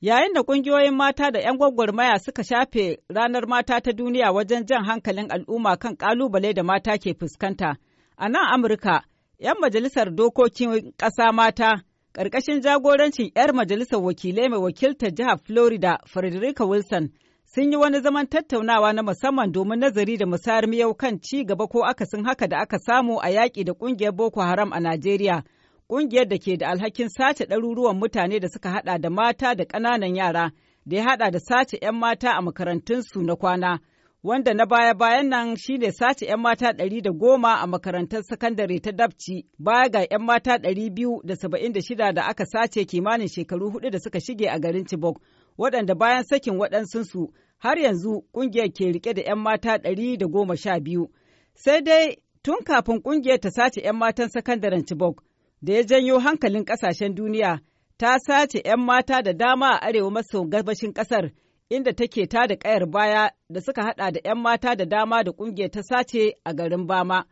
Yayin da ƙungiyoyin mata da 'yan gwagwarmaya suka shafe ranar mata ta duniya wajen jan hankalin al'umma kan ƙalubale da mata ke fuskanta, a nan Amurka, 'yan majalisar dokokin ƙasa mata, ƙarƙashin jagorancin 'yar majalisar wakilai mai wakiltar jihar Florida, Frederica Wilson, sun yi wani zaman tattaunawa na musamman domin nazari da musayar miyau kan ci gaba ko akasin haka da aka samu a yaƙi da ƙungiyar Boko Haram a Najeriya. ƙungiyar da ke da alhakin sace ɗaruruwan mutane da suka haɗa da mata da ƙananan yara da ya haɗa da sace 'yan mata a makarantunsu na kwana wanda na baya-bayan nan shi ne sace 'yan mata ɗari da goma a makarantar sakandare ta dabci baya ga 'yan mata ɗari biyu da saba'in da shida da aka sace kimanin shekaru hudu da suka shige a garin Chibok waɗanda bayan sakin waɗansunsu har yanzu ƙungiyar ke rike da 'yan mata ɗari da goma sha biyu sai dai tun kafin ƙungiyar ta sace 'yan matan sakandaren Chibok da ya janyo hankalin ƙasashen duniya ta sace 'yan mata da dama a arewa maso gabashin ƙasar inda take ta da ƙayar baya da suka haɗa da 'yan mata da dama da ƙungiyar ta sace a garin Bama.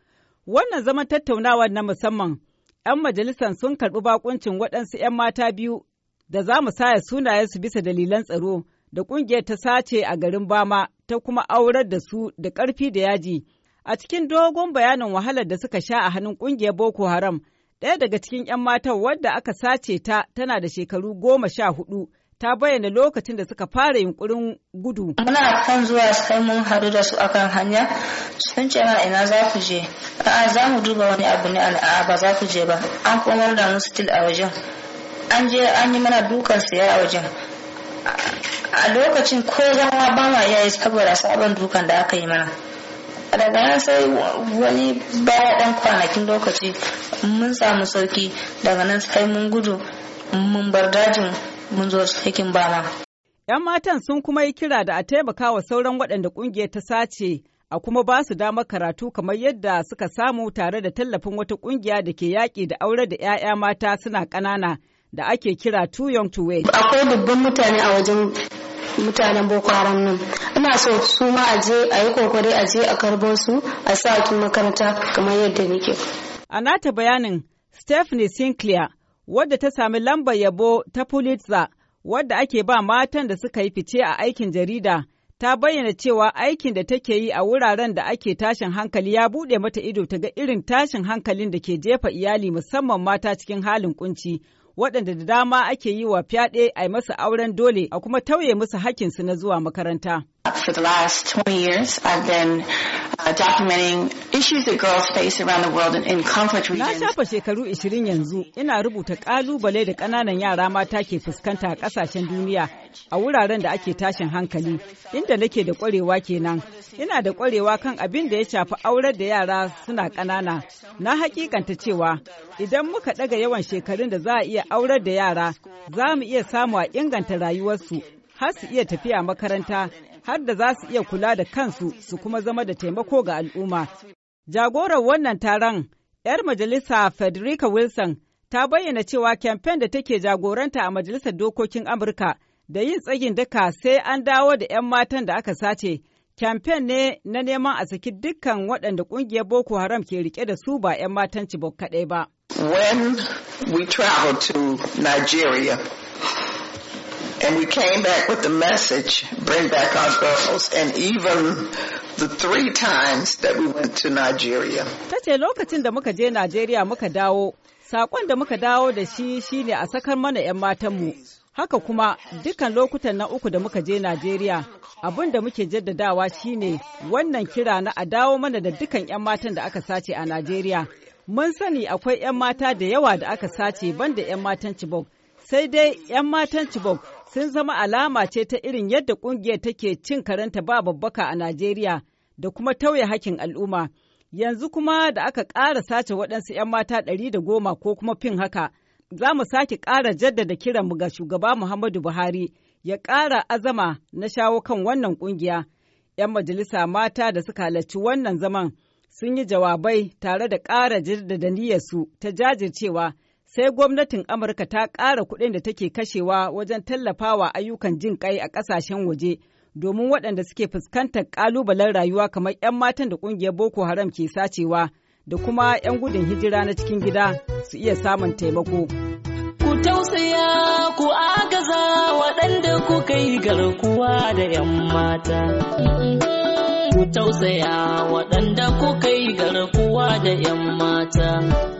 Wannan zaman tattaunawa na musamman, 'yan majalisar sun karɓi bakuncin waɗansu 'yan mata biyu da za mu saya sunayensu bisa dalilan tsaro da ƙungiyar ta sace a garin Bama ta kuma aurar da su da ƙarfi da yaji. A cikin dogon bayanin wahalar da suka sha a hannun ƙungiyar Boko Haram, Ɗaya daga cikin 'yan matan wadda aka sace ta tana da shekaru goma sha hudu ta bayyana lokacin da suka fara yunkurin gudu. Muna kan zuwa sai mun haɗu da su akan hanya sun ce na ina za ku je. A'a za mu duba wani abu ne a'a ba za ku je ba. An komar da mu stil a wajen. An je an yi mana dukan siya a wajen. A lokacin ko zama ba ma iya yi saboda sabon dukan da aka yi mana. Daga nan sai wani baya ɗan kwanakin lokaci mun samu sauki daga nan sai mun gudu mun bar dajin mun zo cikin bana. 'Yan matan sun kuma yi kira da a taimaka wa sauran waɗanda ƙungiyar ta sace a kuma ba su damar karatu kamar yadda suka samu tare da tallafin wata ƙungiya da ke yaƙi da aure da 'ya'ya mata suna ƙanana da ake kira too young to wait. Akwai dubban mutane a wajen mutanen boko haram nan ina so su ma a je a yi kokari a je a karbo su a sa makaranta kamar yadda nake. A nata bayanin, Stephanie Sinclair, wadda ta sami lambar yabo ta Pulitzer, wadda ake ba matan da suka yi fice a aikin jarida, ta bayyana cewa aikin da take yi a wuraren da ake tashin hankali ya buɗe mata ido ta ga irin tashin hankalin da ke jefa iyali musamman mata cikin halin kunci. waɗanda da dama ake yi wa fyaɗe a yi masa auren dole a kuma tauye musu su na zuwa makaranta. For the last 20 years, I've been uh, documenting issues that girls face around the world in, in conflict regions. Na shafa shekaru 20 yanzu ina rubuta kalubale da ƙananan yara mata ke fuskanta a ƙasashen duniya a wuraren da ake tashin hankali inda nake da ƙwarewa kenan. Ina da ƙwarewa kan abin da ya shafi aurar da yara suna ƙanana. Na hakikanta cewa idan muka ɗaga yawan shekarun da za a iya aurar da yara za mu iya samu a inganta rayuwarsu har su iya tafiya makaranta har da za su iya kula da kansu su kuma zama da taimako ga al'umma. Jagorar wannan taron, 'yar majalisa Federica Wilson ta bayyana cewa kyamfen da take jagoranta a majalisar dokokin Amurka da yin tsagin duka sai an dawo da 'yan matan da aka sace. Kyamfen ne na neman a saki dukkan waɗanda ƙungiyar Boko Haram ke rike da su ba 'yan matan ci ba. When And we came back with the message, bring back our girls, and even the three times that we went to Nigeria. Ta lokacin da muka je Najeriya muka dawo, sakon da muka dawo da shi shine a sakar mana 'yan matanmu. Haka kuma dukkan lokutan na uku da muka je Najeriya, abin da muke jaddadawa shine wannan kira na a dawo mana da dukkan 'yan matan da aka sace a Najeriya. Mun sani akwai 'yan mata da yawa da aka sace banda 'yan matan Chibok, sai dai 'yan matan Chibok sun zama alama ce ta irin yadda ƙungiyar take cin karanta ba babbaka a Najeriya da kuma tauye hakkin al'umma. Yanzu kuma da aka ƙara sace waɗansu 'yan mata ɗari da goma ko kuma fin haka, za mu sake ƙara jaddada kiranmu ga shugaba Muhammadu Buhari ya ƙara azama na shawo kan wannan ƙungiya. 'Yan majalisa mata da suka halarci wannan zaman sun yi jawabai tare da ƙara jaddada niyyarsu ta jajircewa. sai gwamnatin Amurka ta ƙara kuɗin da take kashewa wajen tallafawa ayyukan jin ƙai a ƙasashen waje domin waɗanda suke fuskantar ƙalubalen rayuwa kamar 'yan matan da ƙungiyar Boko Haram ke sacewa da kuma 'yan gudun hijira na cikin gida su iya samun taimako. Ku tausaya ku agaza waɗanda ku kai garkuwa da 'yan mata. Ku tausaya waɗanda ku kai garkuwa da 'yan mata.